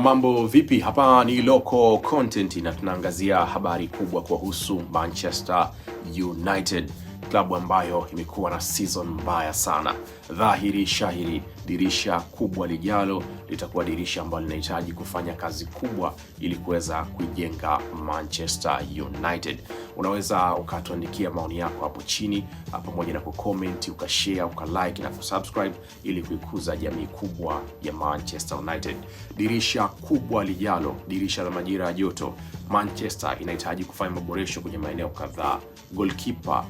mambo vipi? Hapa ni Local Content na tunaangazia habari kubwa kuhusu Manchester United, klabu ambayo imekuwa na season mbaya sana, dhahiri shahiri dirisha kubwa lijalo litakuwa dirisha ambalo linahitaji kufanya kazi kubwa ili kuweza kuijenga Manchester United. Unaweza ukatuandikia maoni yako hapo chini, ah, pamoja na kucomment, ukashare, ukalike na kusubscribe ili kuikuza jamii kubwa ya Manchester United. Dirisha kubwa lijalo, dirisha la majira ya joto, Manchester inahitaji kufanya maboresho kwenye maeneo kadhaa: goalkeeper,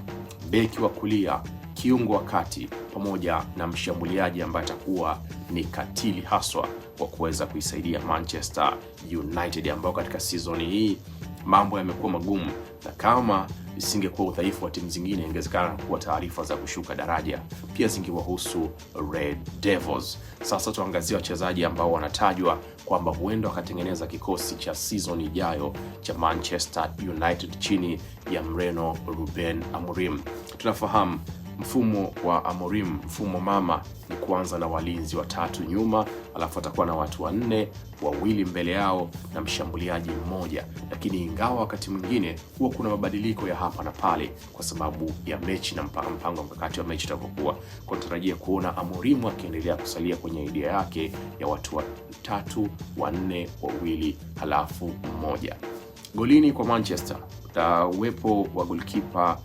beki wa kulia kiungo wa kati pamoja na mshambuliaji ambaye atakuwa ni katili haswa kwa kuweza kuisaidia Manchester United ambao katika sizoni hii mambo yamekuwa magumu, na kama isingekuwa udhaifu wa timu zingine, ingewezekana kuwa taarifa za kushuka daraja pia zingewahusu Red Devils. Sasa tuangazie wachezaji ambao wanatajwa kwamba huenda wakatengeneza kikosi cha season ijayo cha Manchester United chini ya Mreno Ruben Amorim. Tunafahamu mfumo wa Amorim, mfumo mama ni kuanza na walinzi watatu nyuma, alafu atakuwa na watu wanne, wawili mbele yao na mshambuliaji mmoja. Lakini ingawa wakati mwingine huwa kuna mabadiliko ya hapa na pale kwa sababu ya mechi na mpango mkakati wa mechi utakapokuwa, kwa tarajia kuona Amorim akiendelea kusalia kwenye idea yake ya watu watatu, wanne, wawili, halafu mmoja golini. Kwa Manchester Uwepo wa golkipa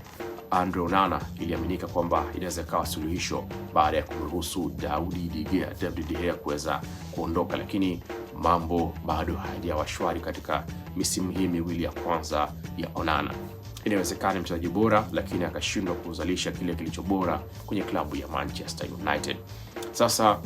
Andre Onana iliaminika kwamba inaweza ikawa suluhisho baada ya kumruhusu Daudi de Gea, kuweza kuondoka, lakini mambo bado hayajawa shwari katika misimu hii miwili ya kwanza ya Onana. Inawezekana mchezaji bora, lakini akashindwa kuzalisha kile kilicho bora kwenye klabu ya Manchester United. Sasa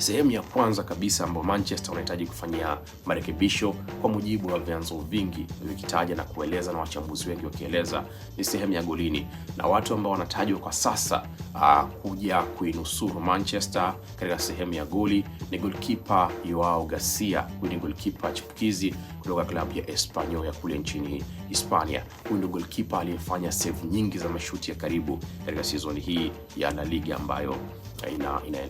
sehemu ya kwanza kabisa ambayo Manchester wanahitaji kufanyia marekebisho, kwa mujibu wa vyanzo vingi vikitaja na kueleza na wachambuzi wengi wakieleza, ni sehemu ya golini na watu ambao wanatajwa kwa sasa uh, kuja kuinusuru Manchester katika sehemu ya goli ni goalkeeper Joao Garcia. Huyu ni goalkeeper chipukizi kutoka klabu ya Espanyol ya kule nchini Hispania. Huyu ndio goalkeeper aliyefanya save nyingi za mashuti ya karibu katika sizoni hii ya La Liga ambayo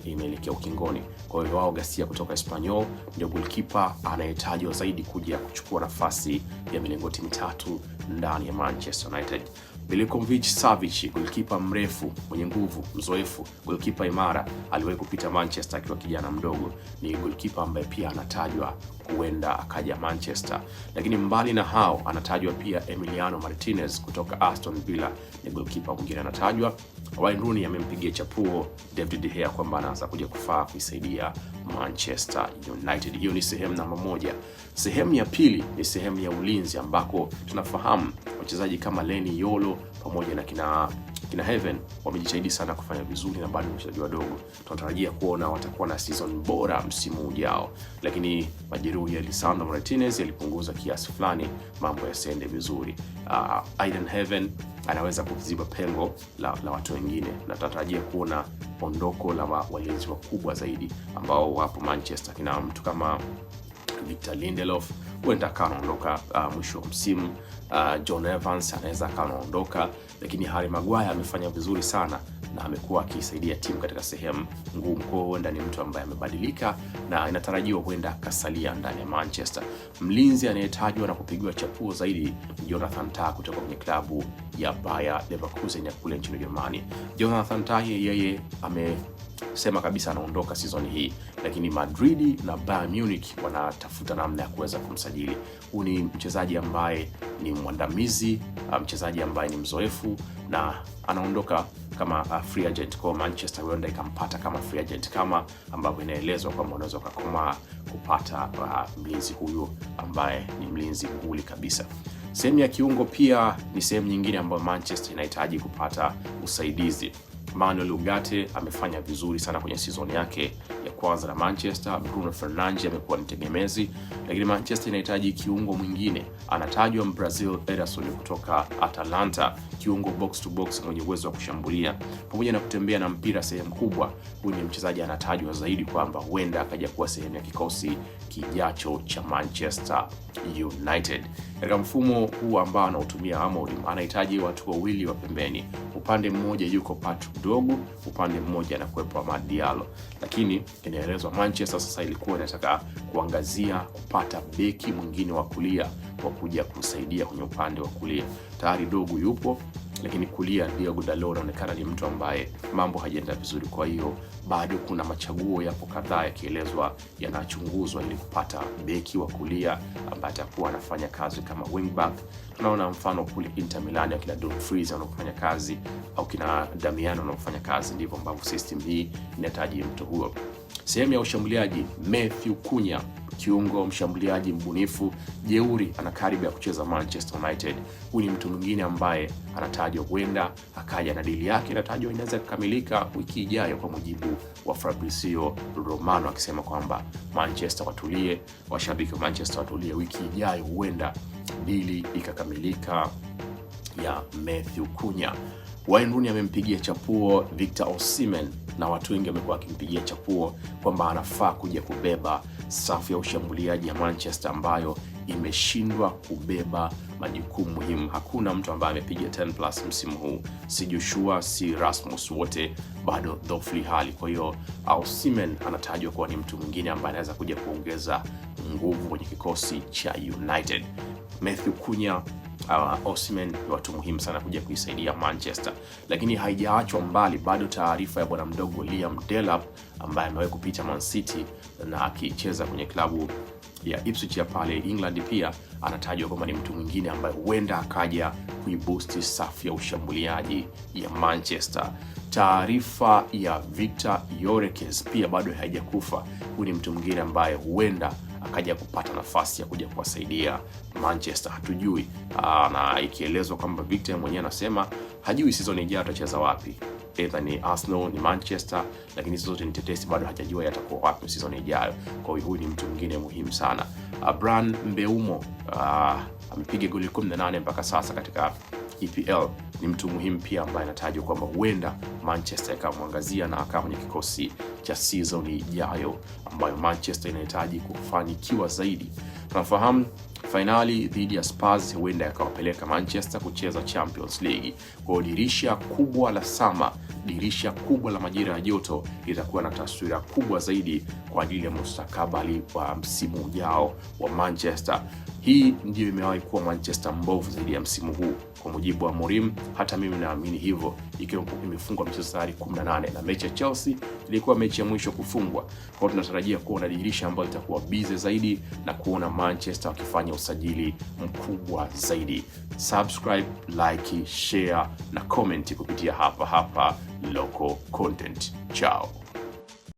imeelekea ukingoni. Kwa hivyo wao Gasia kutoka Espanyol ndio goalkeeper anayetajwa zaidi kuja kuchukua nafasi ya milingoti mitatu ndani ya Manchester United. Milinkovic Savic, golikipa mrefu mwenye nguvu, mzoefu, golikipa imara, aliwahi kupita Manchester akiwa kijana mdogo. Ni golikipa ambaye pia anatajwa huenda akaja Manchester, lakini mbali na hao anatajwa pia Emiliano Martinez kutoka Aston Villa, ni golikipa mwingine anatajwa. Wayne Rooney amempigia chapuo David De Gea kwamba anaanza kuja kufaa kuisaidia Manchester United. Hiyo ni sehemu namba moja. Sehemu ya pili ni sehemu ya ulinzi ambako tunafahamu wachezaji kama Leny Yolo pamoja na kina kina Heaven wamejitahidi sana kufanya vizuri na bado ni wachezaji wadogo, tunatarajia kuona watakuwa na season bora msimu ujao, lakini majeruhi ya Lisandro Martinez yalipunguza kiasi fulani mambo yasiende vizuri. Uh, Aiden Heaven anaweza kuziba pengo la, la watu wengine na tunatarajia kuona ondoko la walinzi wakubwa zaidi ambao wapo Manchester, kina mtu kama Victor Lindelof huenda akawa uh, ah, mwisho wa msimu. Uh, John Evans anaweza kanaondoka lakini Harry Maguire amefanya vizuri sana na amekuwa akisaidia timu katika sehemu ngumu. Kwa hiyo huenda ni mtu ambaye amebadilika na inatarajiwa huenda akasalia ndani ya Manchester. Mlinzi anayetajwa na kupigiwa chapuo zaidi Jonathan Tah kutoka kwenye klabu ya Bayer Leverkusen ya kule nchini Ujerumani. Jonathan Tah yeye ame sema kabisa anaondoka season hii, lakini Madrid na Bayern Munich wanatafuta namna ya kuweza kumsajili. Huu ni mchezaji ambaye ni mwandamizi, mchezaji ambaye ni mzoefu na anaondoka kama uh, free agent kwa Manchester huenda ikampata kama free agent, kama ambavyo inaelezwa kwamba unaweza ukakomaa kupata uh, mlinzi huyu ambaye ni mlinzi nguli kabisa. Sehemu ya kiungo pia ni sehemu nyingine ambayo Manchester inahitaji kupata usaidizi. Manuel Ugarte amefanya vizuri sana kwenye sizoni yake kwanza na Manchester. Bruno Fernandes amekuwa ni tegemezi, lakini Manchester inahitaji kiungo mwingine. Anatajwa Brazil Ederson kutoka Atalanta, kiungo box to box mwenye uwezo wa kushambulia pamoja na kutembea na mpira sehemu kubwa. Huyu ni mchezaji anatajwa zaidi kwamba huenda akaja kuwa sehemu ya kikosi kijacho cha Manchester United. Katika mfumo huu ambao anautumia Amorim, anahitaji watu wawili wa pembeni upande mmoja yuko Patrick Dorgu, upande mmoja anakuwepo Amad Diallo, lakini inaelezwa Manchester sasa ilikuwa inataka kuangazia kupata beki mwingine wa kulia wa kuja kusaidia kwenye upande wa kulia. Tayari Dorgu yupo lakini kulia Diogo Dalot anaonekana ni mtu ambaye mambo hajaenda vizuri. Kwa hiyo bado kuna machaguo yapo kadhaa yakielezwa yanachunguzwa ili kupata beki wa kulia ambaye atakuwa anafanya kazi kama wingback. Tunaona mfano kule Inter Milan akina Dumfries wanaofanya kazi au kina Damiano anaofanya kazi, ndivyo ambavyo system hii inahitaji mtu huyo. Sehemu ya ushambuliaji Matthew Cunha kiungo mshambuliaji mbunifu jeuri, ana karibu ya kucheza Manchester United. Huyu ni mtu mwingine ambaye anatajwa huenda akaja na dili yake inatajwa inaweza kukamilika wiki ijayo, kwa mujibu wa Fabrizio Romano akisema kwamba Manchester watulie, washabiki wa Manchester watulie, wiki ijayo huenda dili ikakamilika ya Matthew Cunha. Wayne Rooney amempigia chapuo Victor Osimhen na watu wengi wamekuwa wakimpigia chapuo kwamba anafaa kuja kubeba safu ya ushambuliaji ya Manchester ambayo imeshindwa kubeba majukumu muhimu. Hakuna mtu ambaye amepiga 10 plus msimu huu, si Joshua si Rasmus, wote bado dhofli hali. Kwa hiyo uh, Osimhen anatajwa kuwa ni mtu mwingine ambaye anaweza kuja kuongeza nguvu kwenye kikosi cha United. Matthew Cunha uh, Osimhen ni watu muhimu sana kuja kuisaidia Manchester, lakini haijaachwa mbali bado taarifa ya bwana mdogo Liam Delap ambaye amewahi kupita Man City na akicheza kwenye klabu ya Ipswich ya pale England, pia anatajwa kwamba ni mtu mwingine ambaye huenda akaja kuiboost safu ya ushambuliaji ya Manchester. Taarifa ya Victor Yorekes pia bado haijakufa. Huyu ni mtu mwingine ambaye huenda akaja kupata nafasi ya kuja kuwasaidia Manchester, hatujui aa, ah, na ikielezwa kwamba Victor mwenyewe anasema hajui season ijayo atacheza wapi, either ni Arsenal ni Manchester, lakini zote ni tetesi, bado hajajua yatakuwa wapi season ijayo. Kwa hiyo huyu ni mtu mwingine muhimu sana. Ah, bran Mbeumo ah, amepiga goli 18 mpaka sasa katika EPL ni mtu muhimu pia ambaye anatajwa kwamba huenda Manchester ikamwangazia na akaa kwenye kikosi cha season ijayo ambayo Manchester inahitaji kufanikiwa zaidi. Tunafahamu fainali dhidi ya Spurs huenda yakawapeleka Manchester kucheza Champions League. Kwa hiyo dirisha kubwa la sama, dirisha kubwa la majira ya joto litakuwa na taswira kubwa zaidi kwa ajili ya mustakabali wa msimu ujao wa Manchester. Hii ndiyo imewahi kuwa Manchester mbovu zaidi ya msimu huu kwa mujibu wa Mourinho. Hata mimi naamini hivyo, ikiwa imefungwa michezo tayari 18 na mechi ya Chelsea ilikuwa mechi ya mwisho kufungwa. Kwa hiyo tunatarajia kuona dirisha ambayo itakuwa bize zaidi na kuona Manchester wakifanya usajili mkubwa zaidi. Subscribe, like, share na comment kupitia hapa hapa Local Content. Chao.